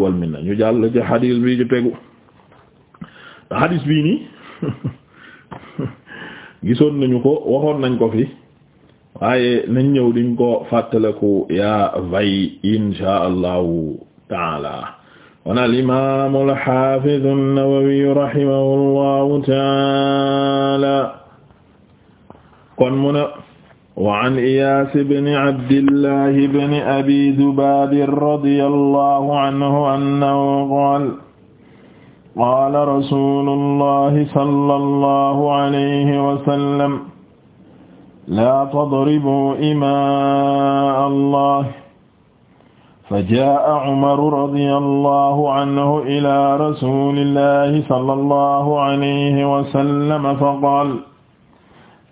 wal minna ñu jàll bi ci tegu xadiis bii nii gisoon nañu ko waxoon nañ ko fi waaye nañ ñëw diñ ko fàttaleku ya vay insha allahu taala wana al imam al hafiz an-Nawawi waan Iyaas ibn Abdillah ibn Abi Dubaab radiyallahu anhu annahu qaala qaala rasuulullahi sallallahu alayhi wa sallam laa tadribuu imaa'a Allah fajaa'a Umar radiyallahu anhu ilaa rasuulillahi sallallahu alayhi wa sallam faqaala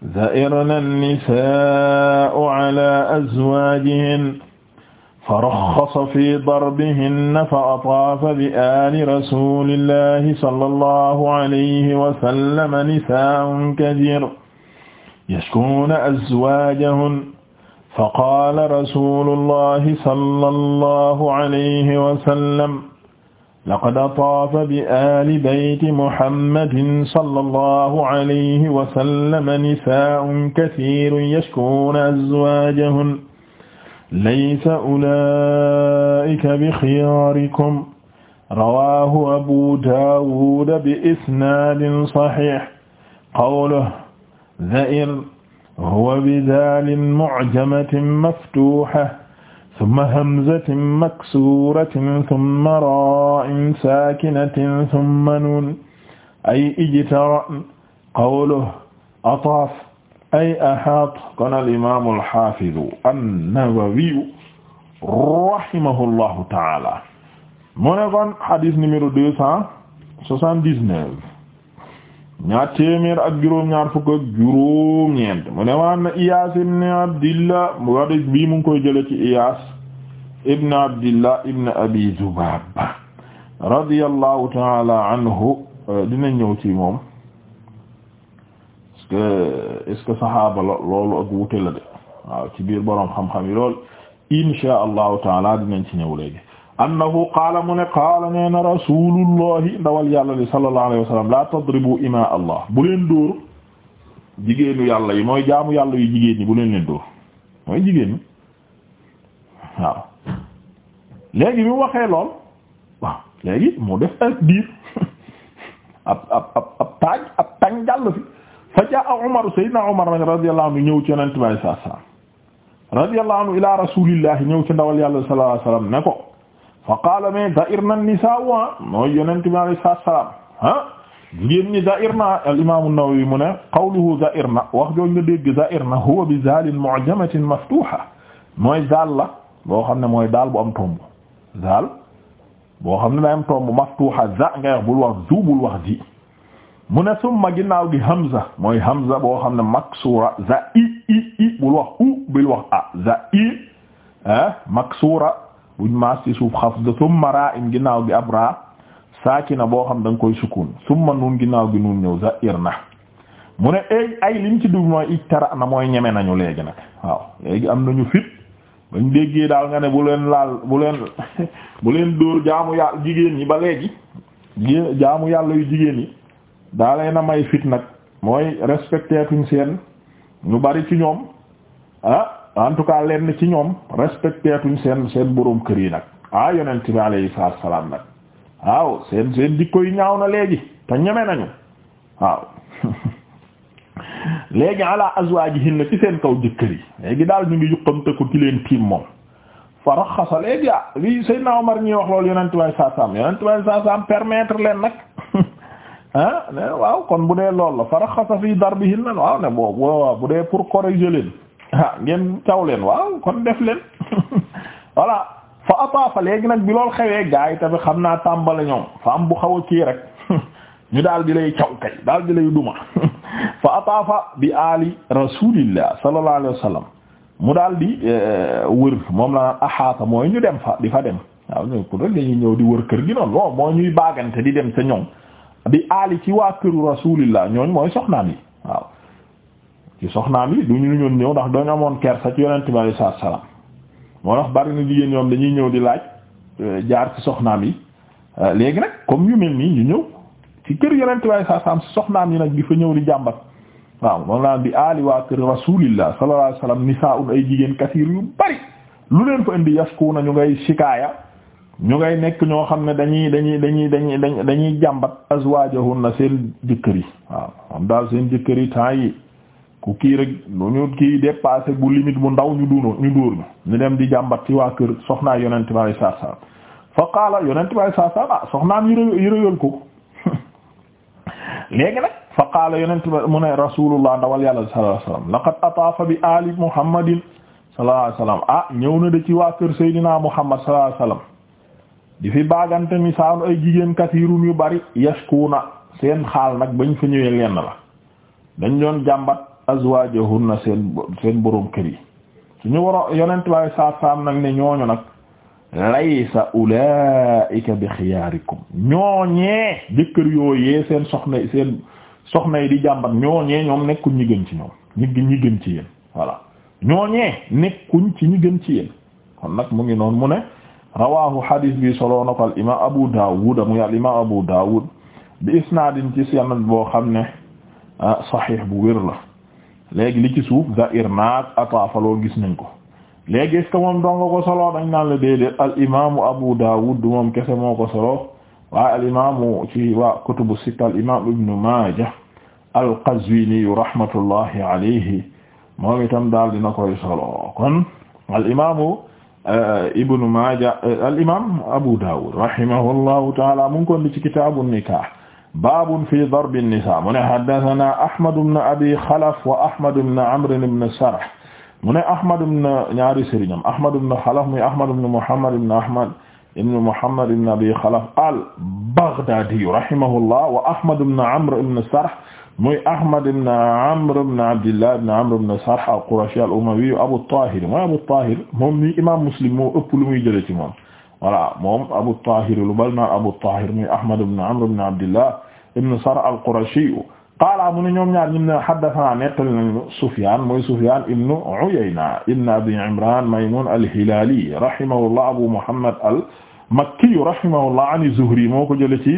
za'irna an-nisaa'u ala azwaajihin faraxxasa fi darbihinna fa ataafa bi aali rasuulillahi sallallahu alayhi wa sallama nisaa'un kasiir yashkuuna azwaajahun faqaala rasuulullahi sallallahu alayhi wa sallam laqad taafa bi aali bayti muhammadin sallallahu alayhi wa sallam nisaa'un kasiirun yashkuuna azwaajahun laysa ulaa'ika bi khiyaarikum rawaahu abu daawud bi isnaadin saxiix qawluhu dha'ir huwa bi daalin mu'jamatin maftuuxa summa hamzatin maksuratin summa ra'in sakinatin summa nun ay ijtara qawluhu ataaf ay ahaat kon al-imaam al-haafidu an-Nawawiyu rahimahullahu ta'aala mu ne kon hadis numéro deux cent soixante-dix-neuf ñaar téeméer ak juróom-ñaar fukk ak juróom-ñeent mu ne waan na Iyaas ibn Abdillah mu wax bii mu ngi koy jële ci Iyaas ibn Abdillah ibn Abi Zubaab radiyallahu ta'ala anhu euh, dina ñëw ci moom est-ce que est que saxaaba loolu ak wute la de ci biir boroom xam-xam yi lool insha allahu taala dinañ ci ñëw léegi annahu qaala mu ne qaala nee na rasulullahi ndawal yàlla li sallallahu alayhi wa sallam la tadribu ima allah bu leen dóor jigéenu yàlla yi mooy jaamu yàlla yu jigéen bu leen leen dóor mooy jigéen ñi waaw léegi bi mu waxee lool waaw léegi mu def ak diir ab ab ab ab taaj fi fa jaa Umar sayyidina Umar nag radiyallahu anhu ñëw ci yonent bi sallallahu alayhi wa sallam radiyallahu ila rasulillahi ñëw ci ndawal yàlla sallallahu alayhi ne ko fa qaala mais da ir na nisaa'u ah mooy yonent bi alayhi salaam ah jigéen ñi da ir na al imaamu Nawawi mu ne qawluhu da ir na wax jooju nga dégg da ir na huwa bi zaalin mu'jamatin maftuuha mooy zaal la boo xam ne mooy daal bu am tomb zaal boo xam ne day am tomb maftuuha za nga wax bul wax zu bul wax ji mu ne summa ginnaaw gi hamza mooy hamza boo xam ne maksuura za i i i bul wax u bul wax a za i ah maksuura. buñ maas ci suuf xafd summa raa in ginnaaw gi ab raa na boo xam da nga koy sukun summa nun ginnaaw gi nun ñëw za'ir na mu ne ay ay liñ ci du mooy ijtara na mooy ñeme nañu léegi nag waaw léegi am nañu fit bañ déggee daal nga ne bu leen laal bu leen bu leen dóor jaamu yàlla jigéen ñi ba léegi jaamu yàlla yu jigéen yi daa leen a may fit nag mooy respecté seen ñu bari ci ñoom ah en tout cas lenn ci ñoom respecté tuñ seen seen boroom kër yi nag ah yonent bi alayhi salaam nag waaw seen seen dikko yi ñaaw na léegi te ñeme nañu waaw léegi ala azwaajihinna ci seen daal ñu ngi yuqamte ko ci moom fa raxasa ah, bi saasaam permettre leen nag ah waaw kon bu dee loolu la fa raxasa fii darbihinna waaw ne boobu bu dee pour corriger leen. ah ngeen taw leen waaw kon def leen voilà fa ataafa léegi nag bi lool xewee gars tamit xam naa tàmbale ñoom fa am bu xaw a kii rek ñu daal di lay caw kay daal di lay duma fa ataafa bi ali rasulillah sallallahu alayhi mu dal di eh, wër moom la naan axaata mooy ñu dem fa di fa dem waaw ño pour rek dañuy ñëw di wër kër gi noonu non moo ñuy baagante di dem sa ñoom bi aali ci waa këru rasulillah ñooñ mooy soxnaam yi waaw ci soxnaam yi duñu lu ñoon ñëw ndax dañu amoon kersa ci yonent bi alayhi salaatu salaam moo tax bari na jigéen ñoom dañuy ñëw di laaj euh, jaar ci soxnaam yi euh, léegi nag comme yu mel nii ñu ñëw ci kër yonent bi alayhi salaatu salaam si soxnaam yi nag di fa ñëw di jàmbat waaw moom laa di aali waa kër rasuulillah sallallahu alayhi wasallam ay jigéen kasiir yu bari lu leen fa indi yaskuuna ñu ngay shikaaya ñu ngay nekk ñoo xam ne dañuy dañuy dañuy dañuy dañuy jàmbat azwaajahunna seen jëkkër yi waaw moom daal seen jëkkër yi yi ku kii rek lu ñu kii dépassé bu limite bu ndaw ñu duur ñu duur ñu dem di jàmbat ci waa kër soxnaa yonent bi alayhi salaatu salaam fa qaala yonent bi alayhi salaatu salaam ah soxnaam yërë yërëyal ko léegi nag fa qaala yonent bi mu ne rasulullah ndawal yàlla sallallahu alayhi ataafa bi ali muhammadin sallallahu ah ñëw na de ci waa kër Seydina Muhammad sallallahu alayhi wasallam di fi baagante ni ay jigéen kasiirun yu bari yashkuuna seen xaal nag bañ fa ñëwee lenn la dañ doon azwaajahunna seen seen borom kër yi suñu waro yonent baay saat saam nag ne ñooñu nag laysa ulaa'ika bi xiyaarikum ñooñee jëkkër yooyee seen soxna seen soxna yi di jàmbat ñooñee ñoom nekkuñ ñi gën ci ñoom ñi ñi gën ci yéen voilà ñooñee nekkuñ ci ñi gën ci yéen kon nag mu ngi noonu mu ne rawahu hadis bi soloo na ko al imam abu dawud muy al imam abu dawud bi isnaadin ci sanad boo xam ne ah, sahih bu wér la léegi li ci suuf Zahir naag ataafaloo gis nañ ko léegi est-ce que moom dong nga ko Abu Dawud moom kese moo ko solo waaye al imaamu ci waa kutubu sitta al imaam Maaja al Qazwini rahmatullahi alayhi moom itam daal dina koy solo kon al imaamu eh, Ibn Maaja eh, al taala mu ngi ci kitaabu nikah baabun fi darbi nisaa mu ne haddasanaa Ahmad ibn Abi Khalaf wa Ahmad ibn Amr ibn Sarh mu ne Ahmad ibn ñaari sëriñam Ahmad ibn Khalaf muy Ahmad ibn Muhammad ibn Ahmad ibn Muhammad ibn Abi Khalaf al-Baghdadi rahimahullah wa Ahmad ibn Amr ibn Sarh muy Ahmad ibn Amr ibn Abdillah ibn Amr ibn Sarh al-Qurashi al-Umawi Abu Tahir mooy Abu Tahir moom ni imaam Muslim moo ëpp lu muy jëlee ci moom voilà moom Abu Tahir lu bal naar Abu Tahir muy Ahmad ibn Amr ibn Abdillah ibn Sar al-Qurashi qaala mu ne ñoom ñaar ñu ne haddathana nettali nañu Sufyan mooy Sufyan ibn Uyayna ibn Abi Imran Maymun al-Hilali rahimahullah Abu Muhammad al-Makki rahimahullah an az-Zuhri moo ko jëlee ci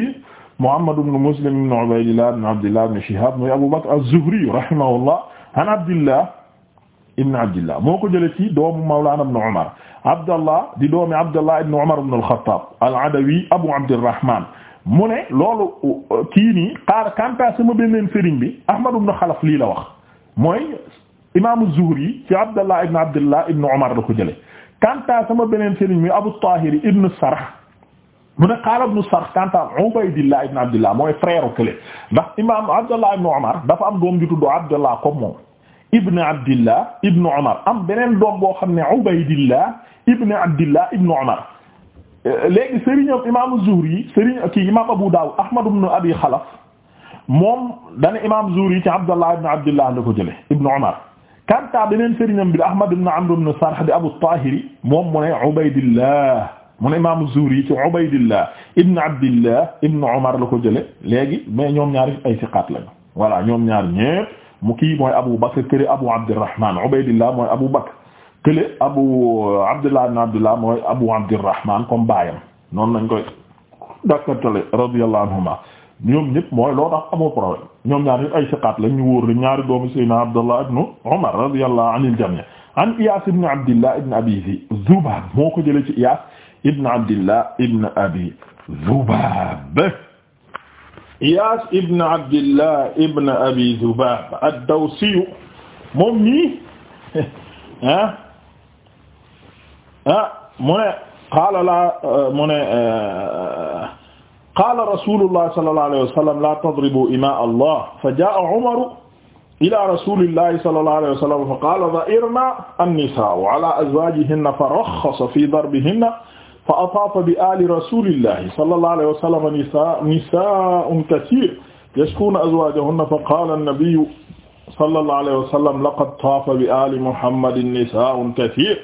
Muhammad ibn Muslim ibn Ubaydillah ibn Abdillah ibn Shihab muy Abu Bakr az-Zuhri rahimahullah an Abdillah ibn Abdillah moo ko jëlee ci doomu Mawlana ibn Umar Abdallah di doomi Abdallah ibn Umar ibn al-Khattab al-Adawi Abu Abdirrahman mu ne loolu kii nii xaar kanta sama beneen sëriñ bi Ahmad ibn Khalaf lii la wax mooy imaamu Zuhri ci Abdallah ibn Abdallah ibn Umar la ko jële kanta sama beneen sëriñ bi Abu Tahir ibn Sarh mu ne qaala ibn Sarh kanta Ubaydillah ibn Abdillah mooy frère kële ndax imam Abdallah ibn Umar dafa am doom ju tudd Abdallah comme moom ibn abdillah ibn Umar am beneen doom boo xam ne Ubaydillah ibn abdillah ibn Umar léegi sëriñam imaamu Zuhri sëriñ kii imaam Abu Dawud Ahmad ibn Abi Khalaf moom dana imaam Zuhri ci Abdallah ibn abdillah la ko jële ibn Umar kanta beneen sëriñam bi Ahmad ibn Amr ibn Sarh di Abu Tahiri moom mu ne Ubaydillah mu ne imaam Zuhri ci Ubaydillah ibn abdillah ibn Umar la ko jële léegi mais ñoom ñaar ay siqaat lañu voilà ñoom ñaar ñépp mu kii mooy Abu Bakr kële Abu Abdurrahman Ubaydillah mooy Abu Bakr kële Abu Abdullah ibn Abdullah mooy Abu Abdurrahman comme baayam noonu lañ koy dakkantale radiyallahu anhuma ñoom ñëpp mooy loo tax amoo problème ñoom ñaar ñëpp ay siqaat lañ ñu wóor lañ ñaari doomu Seydina Abdullah ibn Umar radiyallahu anil jami' an Iyaas ibn Abdillah ibn Abi Zubaab moo ko jëlee ci Iyaas ibn Abdillah ibn Abi Zubaab Iyaas ibn Abdillah ibn Abi Zubaab ad-Dawsi moom mii ah ah mu ne qaala laa mu ne eh, qaala rasuulullah sallallahu alayhi wa sallam laa tadribuu imaa Allah fa jaa'a Umaru ilaa rasuulillah sallallahu alayhi wa sallam fa qaala dha'irna an-nisaa'u alaa azwaajihinna fa rakhkhasa fii darbihinna fa ataafa bi ali rasulillahi sallallahu alayhi wa sallam nisa nisaa'un kasiir yashkuuna azwaajahunna fa qaala an-nabiyyu sallallahu alayhi wa sallam laqad taafa bi ali muhammadin nisaa'un kasiir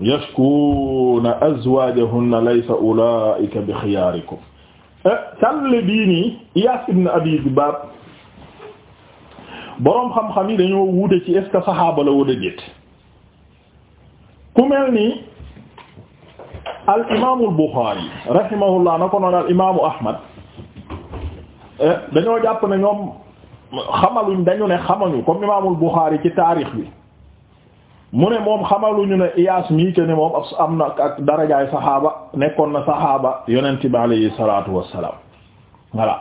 yashkuuna azwaajahunna laysa ulaa'ika bi xiyaarikum. Eh, sànni bii nii Iyaas ibn Abi Dibaab boroom xam-xam yi dañoo wuute ci est-ce que saxaaba la wala déet ku mel ni. al imaamul Buxaari rahimahullah na ko noonu al imaamu Ahmad eh, dañoo jàpp ne ñoom xamaluñ dañu ne xamañu comme imaamul Buxaari ci taarix bi mu ne moom xamaluñu ne Iyaas mii que ne moom am na ak darajaay saxaaba nekkoon na saxaaba yonent bi alayhi salaatu wassalaam voilà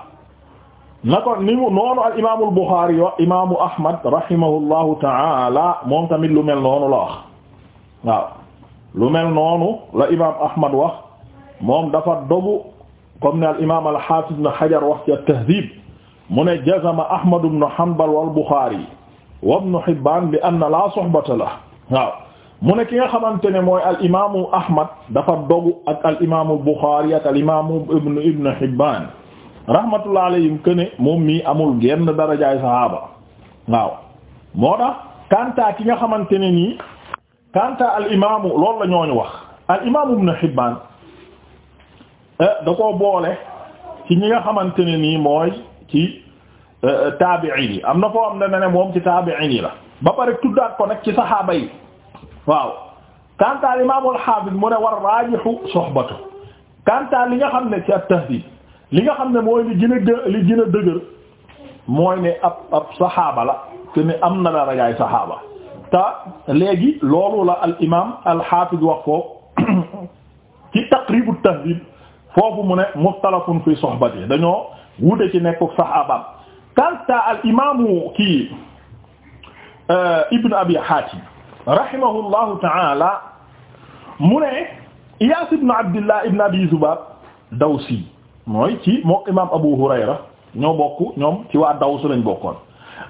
na ko ni mu al imaamul Buxaari yo imaamu Ahmad rahimahullahu taala moom tamit lu mel noonu la waaw. lu mel noonu la imaam Ahmad wax moom dafa dogu comme ne al imaam al haafis ibn Hajar wax ci at-Tahdhib mu ne jazama Ahmad ibn Hanbal wal Bukhari wa ibn Hibban bi anna la suhbata la waaw mu ne ki nga xamante ne mooy al imaamu Ahmad dafa dogu ak al imaamu Bukhari ak al imaamu ibn ibn Hibban rahmatullah alayhim këne moom mii amul genn darajaay sahaaba waaw moo tax kanta ki nga xamante ne kanta al imaamu loolu la ñooñu wax al imaamu ibn Hibbaan eh, da koo boole ci ñi nga xamante ne nii mooy ci eh, eh, taabi'iin yi am na foo am na ne moom ci taabi'iin yi la ba pare tuddaat ko nag ci saxaaba yi waaw kanta al imaamu al haafid mu ne war raajihu soxbatu kanta li nga xam ne ci at-tahdiib li nga xam ne mooy li gën a li gën a dëgër mooy ne ab saxaaba la te am na dara yaay saxaaba te léegi loolu la al imaam al xaafiz wax foofu ci taqribu tahdib foofu mu ne muxtalafun fi soxbati dañoo wute ci nekk saxaabaam kanta al imaamu kii euh, ibnu abi hatim rahimahullahu taala mu ne iyaas ibnu abdillah ibnu abi zubaab dawsi mooy ci mook imaam abu hurayra ñoo bokk ñoom ci waa dawsu lañ bokkoon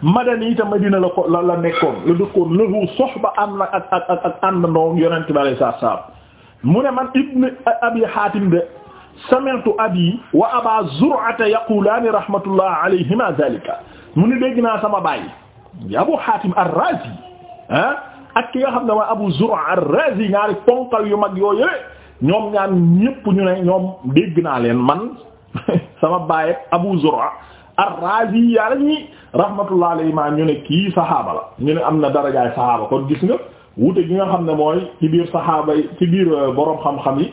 madani itam Madina la ko la la nekkoon la lahu soxba am na ak ak ak ak àndandoo mu ne man ibn abi Hatim de sami'tu abi wa aba Zur'ata yaqulaani rahmatullah alayhima zalika mu ne dégg naa sama baay Abu Hatim ar-Razi ah ak ki nga xam ne mooy Abu Zur'a ar-Razi ñaari ponkal yu mag yooyu ñoom ñaan ñépp ñu ne ñoom dégg naa leen man sama baay Abu Zur'a ar-Razi yàlla ñi rahmatullah maa ñu ne kii saxaaba la ñu ne am na darajaay saxaaba kon gis nga wuute gi nga xam ne mooy ci biir saxaaba yi ci biir euh, borom xam-xam yi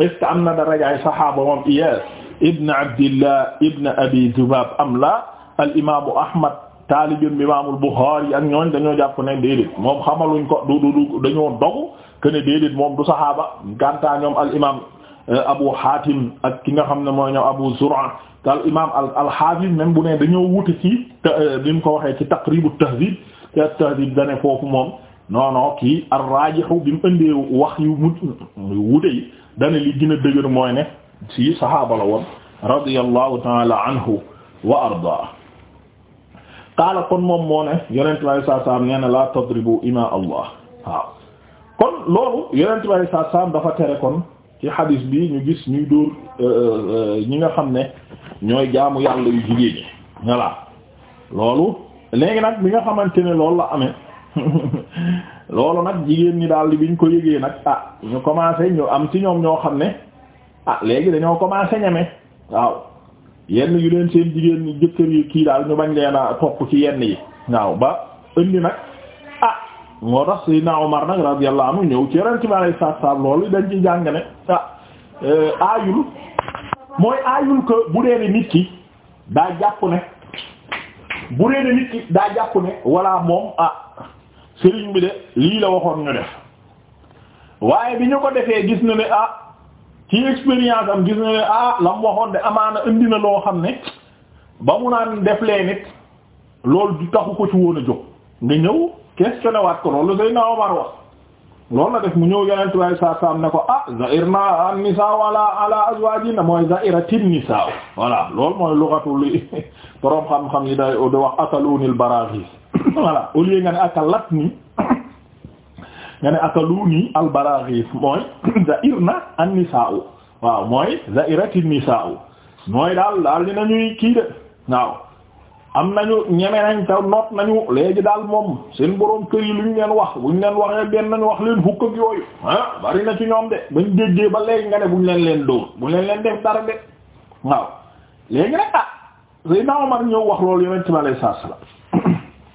est ce que am na darajaay saxaaba moom Iyaas ibn Abdillah ibn Abi Zubaab am la al imaamu Ahmad taalibim imaamul Buxaari ak ñooñ dañoo jàpp ne déedéet moom xamaluñ ko du du dañoo dogu ko ne déedéet moom du saxaaba gàntaa ñoom al imaam. Euh, Abu Hatim ak ki nga xam ne mooy ñëw Abu Zur'a al imaam al al-Hafiz bu ne dañoo wute ci li euh, ko waxee ci Taqrib at-Tahdhib te at-Tahdhib da foofu moom non non kii ar-rajihu bi mu wax yu mu wute yi da ne li gën a dëgër mooy ne si saxaaba la woon radiyallahu ta'ala anhu wa ardaa kon moom moo ne yonent bi saa saam nee na laa tadribu ima Allah waaw kon loolu yonent bi saa saam dafa tere kon. ci xadis bi ñu gis ñuy dóor euh, euh, euh, ñi nga xam ne ñooy jaamu yàlla yu jigéen ñi loolu léegi nag bi nga xamante ne loolu la ame loolu nag jigéen ñi daal bi ñu ko yëgee nag ah ñu commencé ñu am ci ñoom ñoo xam ne ah léegi dañoo commencé ñeme waaw yenn yu leen seen jigéen ñi jëkkër yi kii daal ñu bañ leen a topp ci yenn yi waaw ba indi nag. moo tax Seydina Omar nag radiyallahu anhu ñëw ci ren ci ma lay saab loolu dañ ci jàng ne ah euh, aayul mooy aayul que bu dee nit ki daa jàpp ne bu dee ne nit ki daa jàpp ne walla moom ah sëriñ bi de lii la waxoon ñu def waaye bi ñu ko defee gis na ne ah ci expérience am gis na ne ah la waxoon de amaana indi na loo xam ne ba mu naan def lee nit loolu du taxu ko ci woon a jóg nga ñëw. questionné waat ko loolu Seydina Omar wax loolu la def mu ñëw yonent waaye saa saam ko ah zairna an nisaa wala ala azwaajina mooy zairatin nisaa voilà loolu mooy lughatu li borom xam-xam yi day di wax akalunil baraghis voilà au nga ne akalatni nga ne akaluni al mooy zairna an nisaa waaw mooy zairatin nisaa mooy daal daal dinañuy kii de waaw. am nañu ñeme nañ te noot nañu léegi daal moom seen boroom kër yi lu ñu leen wax bu ñu leen waxee benn nañu wax leen fukk ak yooyu ah bari na ci ñoom de bañ déggee ba léegi nga ne bu ñu leen leen dóor bu ñu leen leen def dara de waaw léegi nag ah Seydina Omar ñëw wax loolu yonent bi alayhi salaam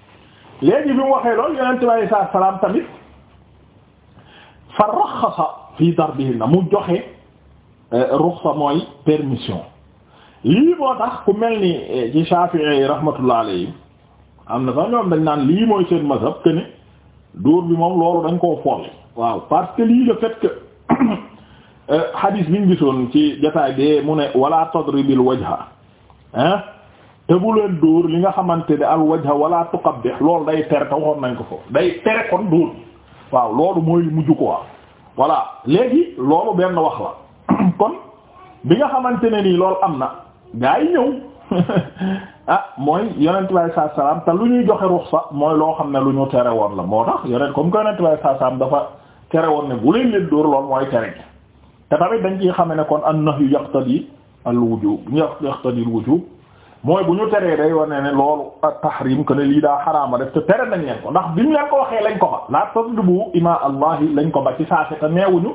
léegi bi mu waxee loolu yonent bi alayhi salaam tamit fa raxasa fii darbihinna mu joxe euh, ruxsa mooy permission. lii moo tax ku mel ni eh, ci Shafi'i rahmatullah alayhi am na sax ñoom dañ naan lii mooy seen mazhab que ne bi moom loolu dañ koo folle waaw parce que lii le fait que eh, hadis bi ñu ci jotaay bee mu ne wala tadribil wajha hein te bu leen li nga xamante ne al wajha wala tuqabbih loolu day tere te waxoon nañ ko foofu day tere kon dóor waaw loolu mooy mujj ko waaw voilà léegi loolu benn wax la kon bi nga xamante ne nii am na gaa yi ñëw ah mooy yonent bi alayhi salaatu salaam te lu ñuy joxe ruxsa mooy loo xam ne lu ñu tere woon la moo tax yonent comme que yonent bi alayhi salaatu salaam dafa tere woon ne bu leen leen dóor lool mooy tere gi te tamit dañ ciy xame ne kon an yu yaqtadi al-wujub yaqtadi al-wujub mooy bu ñu teree day wane ne loolu at-tahrim que ne lii daa xaraama def te tere nañ leen ko ndax bi ñu leen ko waxee lañ ko ba la tadribu ima allahi lañ ko ba ci saase neewuñu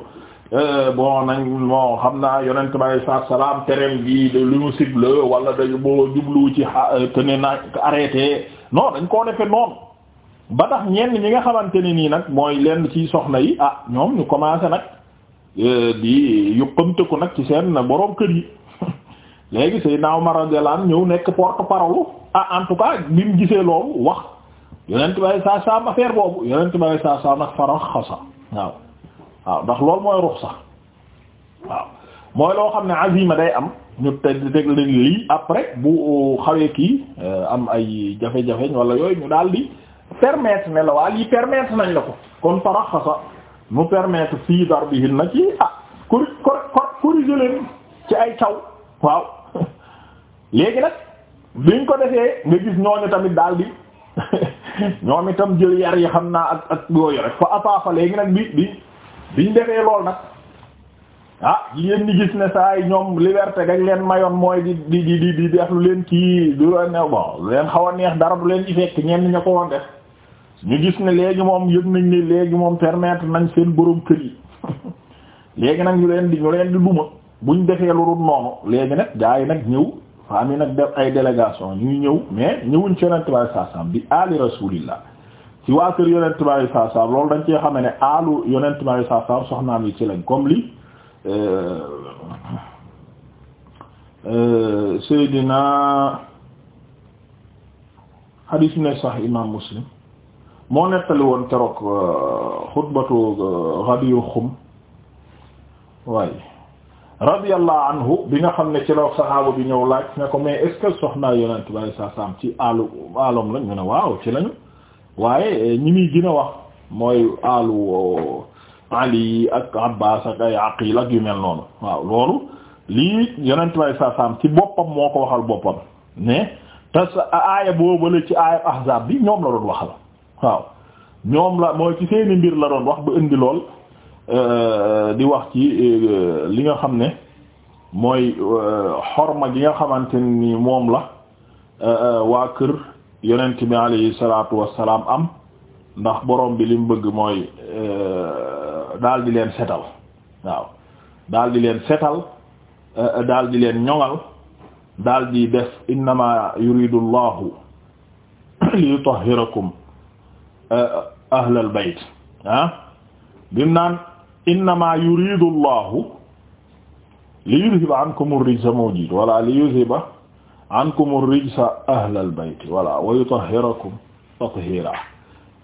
Euh, bon nañ bon xam naa yonent bi alayhi salaatu salaam tereem gi de lu ñu sible wala dañu boo jublu ci te euh, ne na arrêté non dañ koo defe noonu ba tax ñenn ñi nga xamante ni nii nag mooy lenn ci soxna yi ah ñoom ñu commencé nag euh, di yëppante ko nag ci seen boroom kër yi léegi Seydina Umar radiyallahu anhu ñëw nekk porte-parole ah en tout cas bi gisee loolu wax yonent bi alayhi salaatu salaam affaire boobu yonent bi alayhi salaatu salaam nag waaw. waaw ndax loolu mooy ruxsa waaw mooy loo xam ne azima day am ñu teg teg lii après bu xawee kii euh, am ay jafe-jafe wala yooyu ñu daal di permettre ne la waa lii permettre nañ la ko kon taraxasa mu permettre fii darbihin na ci ah kur kur corriger ci ay taw waaw léegi nag biñ ko defee nga gis ñooñu tamit daal di ñoom itam jël yar yi xam naa ak ak yooyu rek fa apaafa léegi nag bi bi bi ñu defee lool nag ah jigéen ñi gis ne saa yi ñoom liberté gañ leen mayoon mooy di di di di def lu leen kii lu la ne bon lu leen xaw a neex dara du leen ci fekk ñenn ña ko woon def ñu gis ne léegi moom yëg nañ ne léegi moom permettre nañ seen boroom kër yi léegi nag ñu leen di ñu leen di duma buñ defee lu dul noonu léegi nag gaa yi nag ñëw famille nag def ay délégation ñuy ñëw mais ñëwuñ ci Yonent bi sallallahu alayhi wasallam ci waa kër yonent bi alayhi salaatu salaam loolu dañ cee xame ne aalu yonent bi alayhi salaatu salaam soxnaam yi ci lañ comme li euh, Seydina hadis ne sax imam Muslim moo nettali woon keroog euh, xutbatu euh, Ghadir Xum waaye radiyallahu anhu bi nga xam ne ci la saxaaba bi ñëw laaj ne ko mais est-ce que yonent bi alayhi ci aalu aalom la ñu ne waaw ci lañu waaye eh, ñi muy gën wax mooy alu eh, ali ak abbas ak ay aqil ak yu mel noonu waaw loolu lii yonent way sa saam ci boppam moo ko waxal boppam ne te sa aaya boobale ci aaya ahzab bi ñoom la doon waxal waaw ñoom la mooy ci seeni mbir la doon wax ba indi lool eh, di wax ci li nga xam ne mooy xorma gi nga xamante ni moom la waa kër yonent bi alayhi salaatu wassalaam am ndax borom bi li mu bëgg mooy euh, daal di leen setal waaw daal di leen setal euh, daal di leen ñoŋal daal di def innama yuridu llahu li yutahhirakum euh, ahlal bayt ah bim naan innama yuridu llahu li yuzhiba ankum ar-rijsa moo jiit wala li yuzhiba ankum ar-rijsa ahlal bayt wala wa yutahhirakum tatheera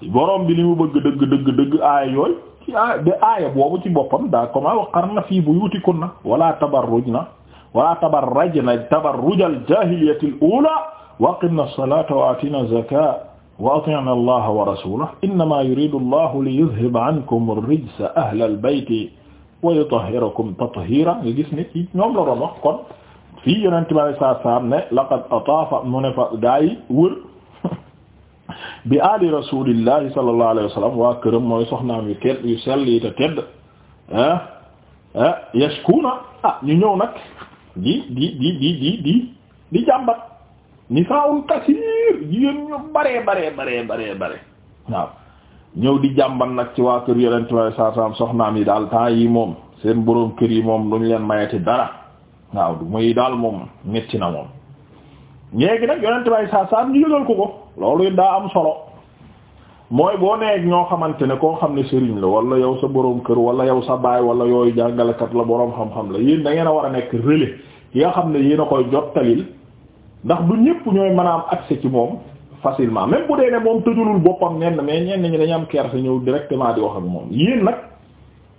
borom bi li mu bëgg dëgg dëgg dëgg aaya yooyu ci aaya de aaya boobu ci boppam daa ko ma waqarna fii buyutikunna wala tabarrujna wala tabarrajna tabarrujal jaahiliyatil uulaa wa aqimna as-salaata wa aatina zakaata wa ati'na allaha wa rasuulahu innamaa yuriidu allahu liyudhhiba ankum ar-rijsa ahlal bayti wa yutahhirakum tathiira nga gis ne ci ñoom la doon wax kon fii yonent bi alei saatu salaam ne laqad ataafa mu ne fa gaa yi wër bi aali rasulillahi sallallahu waa këram mooy soxnaam yu tedd yu sell yi te tedd ah, ah, ah ñu ñëw nag di di di di di di di jàmbat ñëw di jàmbat nag ci waa kër yonent bi alei saatu salaam soxnaam yi daal temps yi moom seen boroom kër yi moom duñ leen mayati dara waaw du muy daal moom metti na moom léegi nag yonent bay saa saa ñu yëgal ko ko loolu it daa am solo mooy boo neeg ñoo xamante ne koo xam ne sëriñ la wala yow sa boroom kër wala yow sa baay wala yooyu jàngalekat la boroom xam-xam la yéen da a war a nekk relais yi nga xam ne yéen a koy jottalil ndax du ñépp ñooy mën a am accès ci moom facilement même bu dee ne moom tëjalul boppam ñenn mais ñenn ñi dañu am kersa ñëw directement di wax ak moom yéen nag.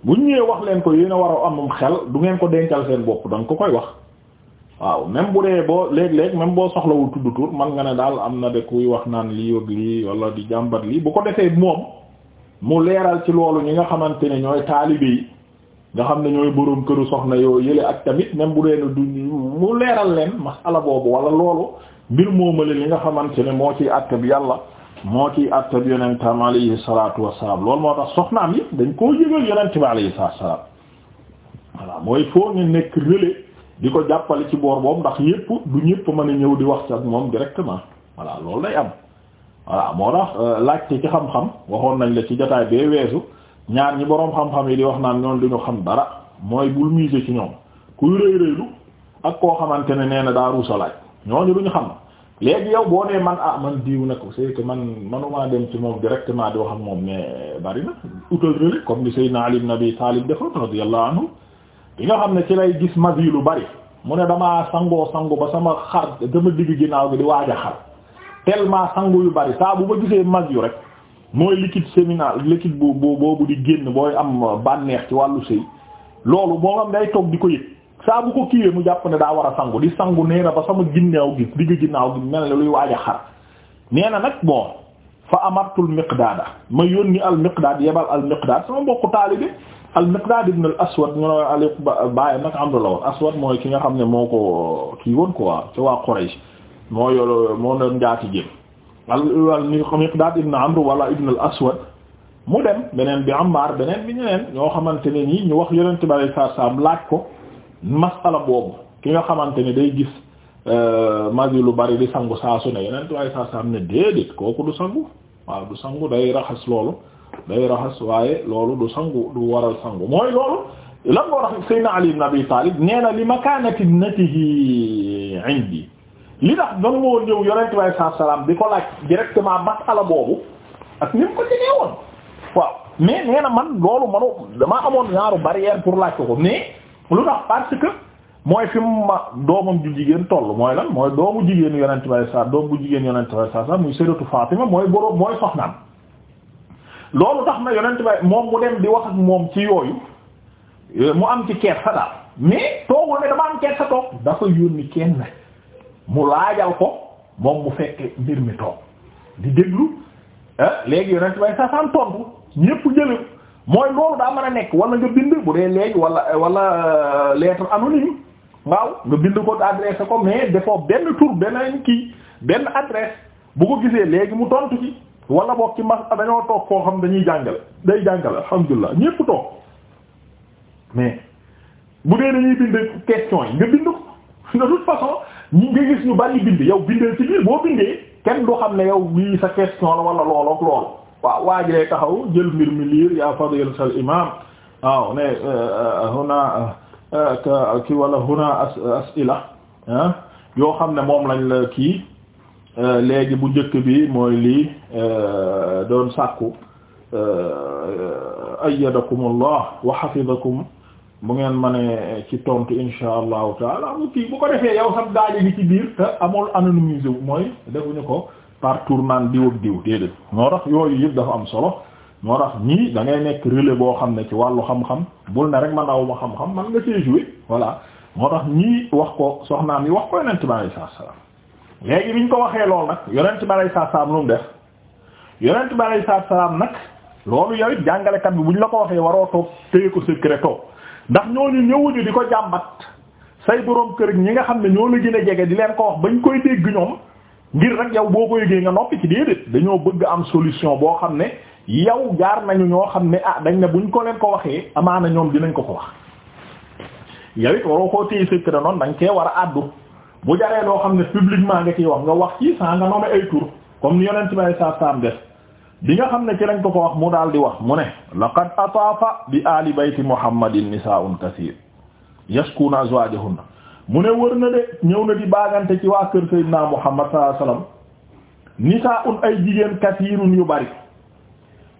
bu ñu ñëwee wax leen ko yéen a war a amum xel du ngeen ko dencal seen bopp da nga ko koy wax waaw même bu dee boo léeg-léeg même boo soxlawul tudd tur man nga ne daal am na de kuy wax naan lii ak lii wala di jàmbat li bu ko defee moom mu leeral ci loolu ñi nga xamante ne ñooy taalibe yi nga xam ne ñooy boroom këru soxna yoo yële ak tamit même bu dee du mu leeral leen masala boobu wala loolu mbir moomale li nga xamante ne moo ciy àtte bi yàlla moo ci atta bi yonentam alayhi salatu wasalaam lool moo tax soxnaam yi dañ koo yëgal yonent bi alayhi salatu wasalaam voilà mooy foo nga nekk relais di ko jàppale ci boor boobu ndax yépp du ñépp mën a ñëw di wax ci ak moom directement voilà loolu day am voilà moo tax euh, laajte ci xam-xam waxoon nañ la ci jotaay bee weesu ñaar ñi boroom xam-xam yi di wax naan ñoom duñu xam dara mooy bul miise ci ñoom kuy rëy rëylu ak koo xamante ne nee na daa ruusalaaj ñooñu duñu xam léegi yow boo nee man ah man diw nag ko que man manuma dem ci moom directement di wax ak moom mais bari na utal relais comme ni Seydina Ali ibn Abi Talib defoon radiyallahu anhu bi nga xam ne ci lay gis mazi lu bari mu ne damaa sangoo sangu ba sama xar dama digg ginnaaw gi di waaj a xar tellement sangu yu bari saa bu ma gisee mag yu rek mooy liquide séminal liquide bu boobu di génn booy am bànneex ci wàllu sëy loolu moo xam day toog di ko yëg saa bu ko kiiwee mu jàpp ne daa war a sangu di sangu nee na ba sama ginnaaw gi digg ginnaaw gi mel ne luy waaj a xar nee na nag bon fa amartul miqdaada ma yónni al miqdaad yebal al miqdaad sama mbokku taalibe al miqdaad ibn al aswad ñu am la woon aswad mooy ki nga xam ne moo ko kii woon quoi ci waa Quraysh moo yor moo doon njaati jëm al al miqdaad ibn amr wala ibn al aswad mu dem beneen bi ammaar beneen bi ñeneen ñoo xamante ne nii ñu wax yonent bi sallallahu alayhi wasallam laaj ko masala boobu ki nga xamante ne day gis euh, magi lu bari di sangu saa su ne yeneen waaye saa saa am ne déedéet kooku du sangu waaw du sangu day raxas loolu day raxas waaye loolu du sangu du waral sangu mooy loolu lan moo tax Seydina Ali ibn Abi Talib nee na li makaanati natihi indi li tax doon moo ñëw yonent bi alayhi salaatu salaam di ko ma directement masala boobu ak ni ko ci neewoon waaw mais nee na man loolu manu damaa amoon ñaaru barrière pour laaj ko ko mais lu tax parce que mooy fi mu ma doomam ju jigéen toll mooy lan mooy doomu jigéenu yonent bay sa doom bu jigéen yonent bay sa sa muy sëratu Fatima mooy boroom mooy soxnaam loolu tax ma yonent bay moom mu dem di wax ak moom ci yooyu mu am ci kersa daal mais toogul ne dama am kersa toog dafa yónni kenn mu laajal ko moom mu fekk mbir mi toog di déglu ah, léegi yonent bay sa sa tontu ñépp jële mooy loolu daa man a nekk wala nga bind bu dee léegi wala wala euh, lettre anonyme waaw nga bind ko adressé ko mais defoo benn tour benn kii benn adresse bu ko gisee léegi mu tontu ci wala boog ci mas dañoo toog koo xam dañuy jàngale day jàngale alhamdulilah ñépp toog mais bu dee dañuy bind question yi nga bind ko de toute façon ñi nga gis ñu bari bind yow bindee ci biir boo bindee kenn du xam ne yow bii sa question la wala looloo loolu waaw waa ji lay taxaw jël mbir mi liir yaa fadilat al imam waaw ne eh, eh, eh, huna ki wala huna asila ah, yoo xam ne moom lañ la kii léegi bu njëkk bi mooy lii doon sàkku ayyadakumullah wa hafizakum bu ngeen ma ne ci tontu insha allahu taala mu kii bu ko defee yow sax daaje gi ci biir te amul anonymisé mooy defuñu ko partout naan diw ak diw déedéet moo tax yooyu yëpp dafa am solo moo tax ñii da ngay nekk relais boo xam ne ci wàllu xam-xam bul ne rek man aw ma xam man nga see jouer voilà moo tax ñii wax ko soxnaam yi wax ko yonent bi alayhi salaam léegi ñu ko waxee loolu nag yonent bi alayhi salaam lu mu def yonent bi alayhi salaam nag loolu yow it jàngalekat bi ñu la ko waxee waroo toog téye ko secret toog ndax ñooñu ñëwuñu di ko jàmbat say boroom kër ñi nga xam ne ñoo la gën a di leen ko wax bañ koy dégg ñoom. ngir rek yaw boo ko yëgee nga noppi ci déedéet dañoo bëgg am solution boo xam ne yow gaar nañu ñoo xam ne ah dañ ne buñ ko leen ko waxee na ñoom dinañ ko ko wax yow it waroo koo téye secret noonu da nga cee war a àddu bu jaree loo xam ne publiquement nga ciy wax nga wax ci saa nga noome ay tur comme ni yonent bi ay saa saam bi nga xam ne ci lañ ko ko wax mu daal di wax mu ne laqad ataafa bi ali bayti muhammadin nisaa'un kasiir yashkuuna na mu ne wër na de ñëw na di baagante ci waa kër Seydina Muhammad sallallahu alayhi wasallam ay jigéen kasiirun yu bari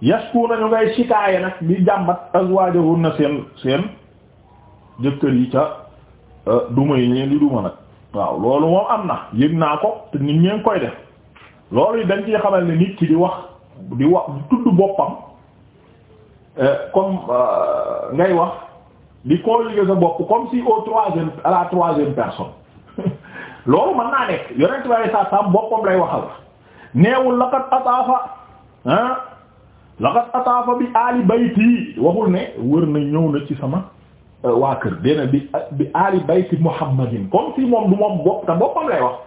yashkuuna ñu ngay shikaaya nag di jàmbat azwaajahunna seen seen jëkkër yi ca euh, duma yi ñeen di duma nag waaw loolu moom am na yëg naa ko te nit ñeen koy def loolu dañ ciy xamal ni nit ki di wax di wax di tudd boppam euh, comme euh, ngay wax di conjuguer sa bopp comme si au troisième à la troisième loolu mën naa nekk yonent bari saa saam boppam lay waxal neewul laqad ataafa ah laqad ataafa bi aali waxul ne wër na ñëw na ci sama euh, waa kër dena bi bi aali bayti muhammadin comme si moom du moom bopp te boppam lay wax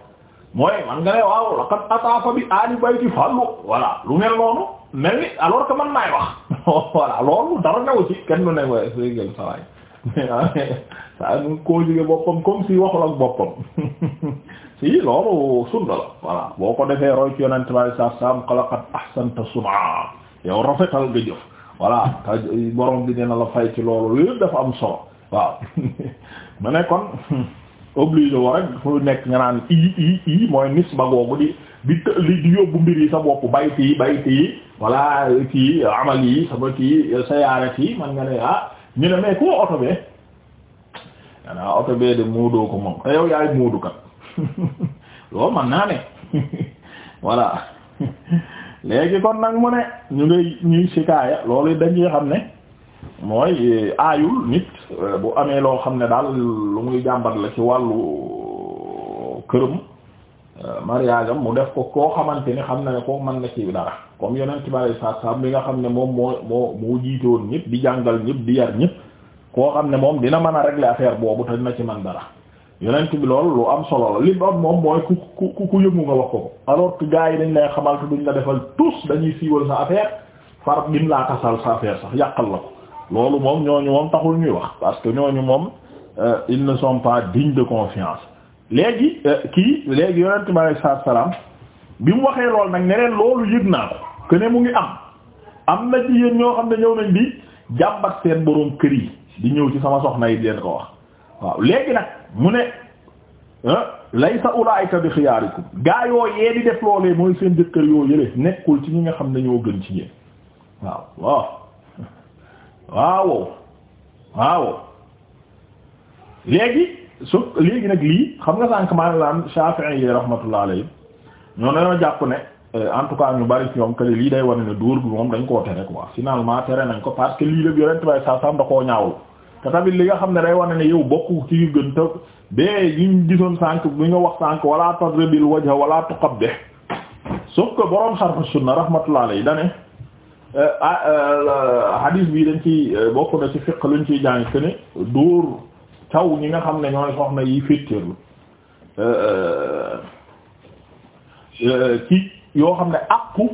mooy man nga ne waaw laqad ataafa bi aali bayti fàllu lu mel noonu mel ni alors que man maay wax voilà loolu dara new ci kenn du ne wa sëgal saa mu conjugué boppam comme si waxul ak boppam si loolu sunna la voilà boo ko defee roy ci yonente bi saa saam xalaqat ahsanta sun'a yow rafetal nga jëf voilà ta borom bi dina la fay ci loolu lépp dafa am solo waaw ma ne kon obligé woo rek fu nekk nga naan i i i mooy nisba googu di di di yóbbu mbir yi sa bopp bayti yi bayti yi voilà kii amal yi sama kii sa yaaret yi man nga ne ah ñu ne mais ku oto bee xanaa oto be de muudoo ko moom te eh, yow yaay muudukat loolu man naa ne léegi kon nag mu ne ñu ngay ñuy sikaaya loolu dañuy xam ne mooy eh, aayul nit eh, bu amee loo xam ne daal lu muy jàmbat la ci wàllu këram Euh, mariage am mu def ko koo xamante ni xam na ne ko man na ci dara comme yonent bi alei saatu salaam li nga xam ne moom moo moo moo jiite woon ñëpp di jàngal ñëpp di yar ñëpp koo xam ne moom dina mën a régler affaire boobu te na ci man dara yonent bi loolu lu am solo la li mu am moom mooy ku ku ku yëngu nga wax ko alors que gars yi dañ lay xamante te duñ la defal tous dañuy siiwal sa affaire far bim laa tasal sa affaire sax yàqal la ko loolu moom ñooñu moom taxul ñuy wax parce que ñooñu moom euh, ils ne sont pas dignes de léegi euh, kii léegi yonent bi alayhi salaam bi mu waxee lool nag ne loolu yëg naa ko que mu ngi am am na ci yéen ñoo xam ne ñëw nañ bi jàmbat seen boroom kër yi di ñëw ci sama soxna yi di leen ko wax waaw léegi nag mu ne laysa ulaayka bi xiyaarikum gaa yoo yee di def loolee mooy seen jëkkër yoo yële nekkul ci ñi nga xam ne ñoo gën ci ñeen waaw waaw waaw waaw léegi su léegi nag lii xam nga sànq maa ngi laan Shafi'i yi rahmatullah alayhi ñoo dañoo jàpp ne euh, en tout cas ñu bari ci ñoom que lii day wane ne dóor bi moom dañ koo tere quoi finalement tere nañ ko parce que lii lépp yonent bay saa sam da ñaawul te tamit li nga xam ne day wane ne yow bokk ci yu gën te bee ñu gisoon sànq bi nga wax sànq wala tadribil wajha wala tuqabbih sauf que borom xarfa sunna rahmatullah alayhi dane euh, ah, euh, hadith bi dañ ci bokk na ci fiqh luñ ciy jàng que ne caw ñi nga xam ne ñooy soxna yi féttéerlu euh, euh, euh, ci yoo xam ne àqu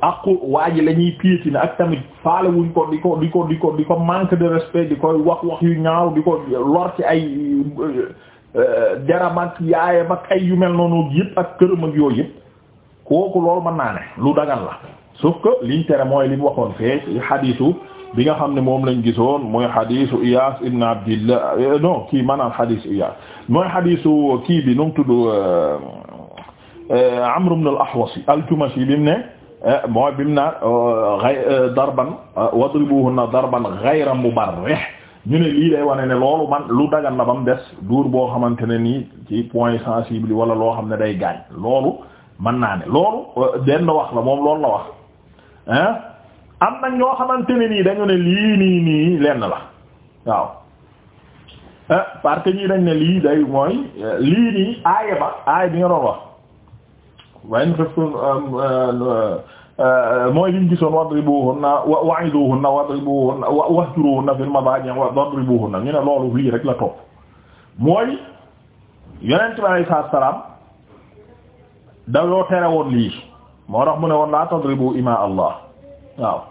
àqu waa ji la ñuy piétiner ak tamit faale wuñ ko di ko di ko di ko di ko manque de respect di koy wax wax yu ñaaw di ko lor ci ay jaram ak yaayam ak ay yu mel noonu yëpp ak këram ak yooyu yëpp kooku loolu mën naa ne lu dagal la sauf que liñ tere mooy liñ waxoon fee ci xadiisu bi nga xam ne moom lañ gisoon mooy xadisu Iyaas ibn Abdillah eh, non kii maanaam xadisu Iyaas mooy xadisu kii bi nu mu tudd eh, eh, Amr ibn al-Ahwas al-Jumashi bi mu ne mooy bi mu naan darban wadribuhunna darban ghayra mubarrih ñu ne lii day wane ne loolu lu dagan la ba mu des duur boo xamante ne nii ci point sensible wala loo xam ne day gaañ loolu mën naa ne loolu wax la moom loolu la wax am nag ñoo xamante ne nii dañu ne lii nii nii lenn la waaw eh, parce que ñii dañ ne lii day mooy eh, lii nii aaya ba aaya bi nga doon wax wayn xëftun um, um, uh, uh, mooy liñ gisoon wadribuhunna wa'iduhunna wadribuhunna wahjuruhunna fil madaji' wadribuhunna ñu ne loolu lii rek la topp mooy yonent bi alayhi salaam da tere woon lii moo tax mu ne woon la tadribu ima allah waaw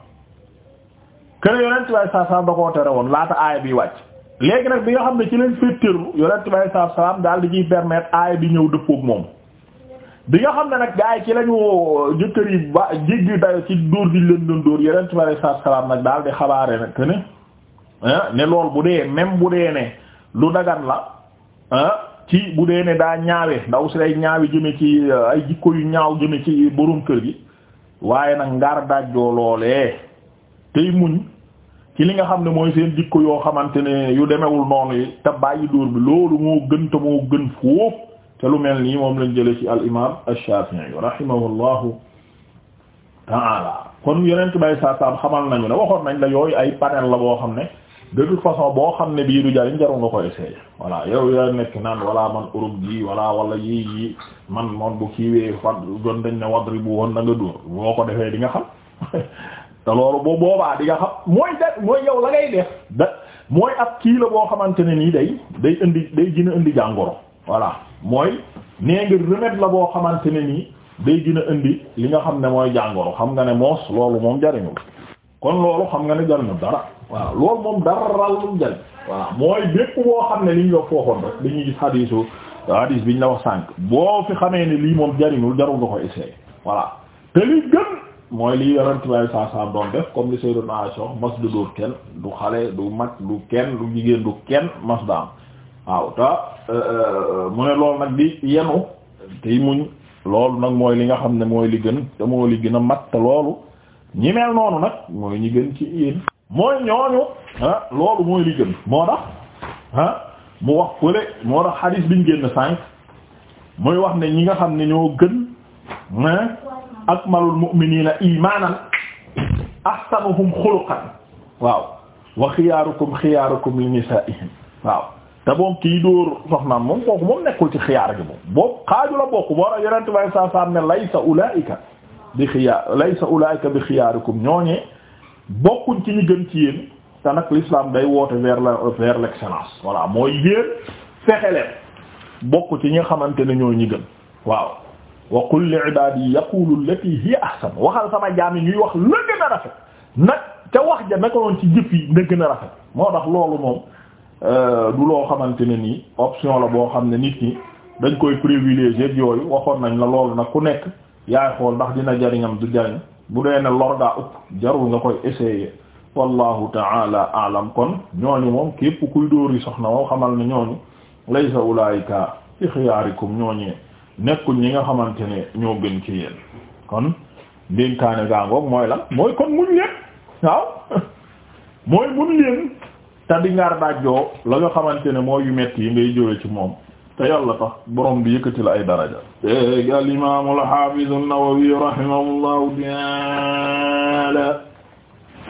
kër yonent bay saa salaam da tere woon laata aaya bi wàcc léegi nag bi nga xam ne ci leen féttérlu yonent bay saa salaam daal di ciy permettre aaya bi ñëw dëppook moom bi nga xam ne nag gaa yi ci lañu jëkkër yi ba jéggi dayo ci dóor di leen doon dóor yonent bay saa salaam nag daal di xabaare nag ne ne lool bu dee même bu dee ne lu dagan la ci bu dee ne daa ñaawe ndaw si day ñaawe jëme ci ay jikko yu ñaaw jëme ci borom kër gi waaye nag ngar daajoo loolee tey muñ ci li nga xam ne mooy seen dikk yoo xamante ne yu demewul noonu yi te bàyyi dóor bi loolu moo gën te moo gën foofu te lu mel nii moom lañ jële ci al imam ash-Shafi'i rahimahullahu ta'ala kon yeneen bay saa saam xamal nañu ne waxoon nañ la yooyu ay panel la boo xam ne de façon boo xam ne bii du jariñ jarul nga koy essayer voilà yow yaa nekk naan wala man Europe gi wala wala yi yi man moon bu kiiwee fa gon dañ ne wadri bu woon na nga boo ko defee di nga xam te loolu boo boobaa di nga xam mooy da mooy yow la ngay def da mooy ab kii la boo xamante ne nii day day indi day gën a indi jàngoro voilà mooy nee ngir remède la boo xamante ne nii day gën a indi li nga xam ne mooy jàngoro xam nga ne moos loolu moom jariñul kon loolu xam nga ne jariñul dara waaw loolu moom dara lu jariñ voilà mooy bépp boo xam ne li ñu foofoon rek dañuy gis hadiisu hadiis bi ñu wax sànq boo fi xamee ne lii moom jariñul jarul nga ko voilà mooy lii yonent bi sallallahu doon def comme li Sayyiduna Aisha mas du dóor kenn du xale du mag du kenn du jigéen du kenn mas daam waaw te euh, euh, mu ne loolu nag di yenu tey muñ loolu nag mooy li nga xam ne mooy li gën te moo li gën a mat te loolu ñi mel noonu nag mooy ñi gën ci yéen mooy ñooñu ah loolu mooy li gën moo tax ah, mu wax fële moo tax xadiis biñ génn sànq muy wax ne ñi nga xam ne ñoo gën ah, akmalul mu'minina imanan ahsanuhum xuluqan waaw wa xiyaarukum xiyaarukum li nisaa'ihim waaw te moom kii dóor soxnaam moom kooku moom nekkul ci xiyaar gi moom boobu xaaju la bokk boo ra yonent bay saa saam ne laysa bi xiyaar laysa ulaa'ika bi xiyaarukum ñooñee bokkuñ ci ñu gën ci yéen te nag l'islam day woote vers la vers l'excellence voilà mooy yéen fexe leen bokk ci ñi xamante ne ñoo ñi gën waaw wa qul li ibadi yaqulu allati waxal sama jaam yi ñuy wax la gën rafet nag ca wax ja naka ci jëf yi na gën rafet moo tax loolu moom euh, du loo xamante ne nii option la boo xam ne nit ñi dañ koy privilégier yooyu waxoon nañ la loolu nag ku nekk yaay xool ndax dina jariñam du jariñ bu dee ne lor daa ëpp jarul nga koy essayer wallahu taala alam kon ñooñu moom képp kuy yi sox na woo xamal ne ñooñu laysa ulaayika fi xiyaarikum ñooñee nekkul ñi nga xamante ne ñoo gën ci yéen kon ndénkaane gaangoog mooy la mooy kon muñ leen waaw mooy muñ leen te di ngaar daajjoo la nga xamante ne mooy yu metti yi ngay jóge ci moom te yàlla tax borom bi yëkkati la ay daraja léegi al imaam al haafiz an-Nawawi rahimahullahu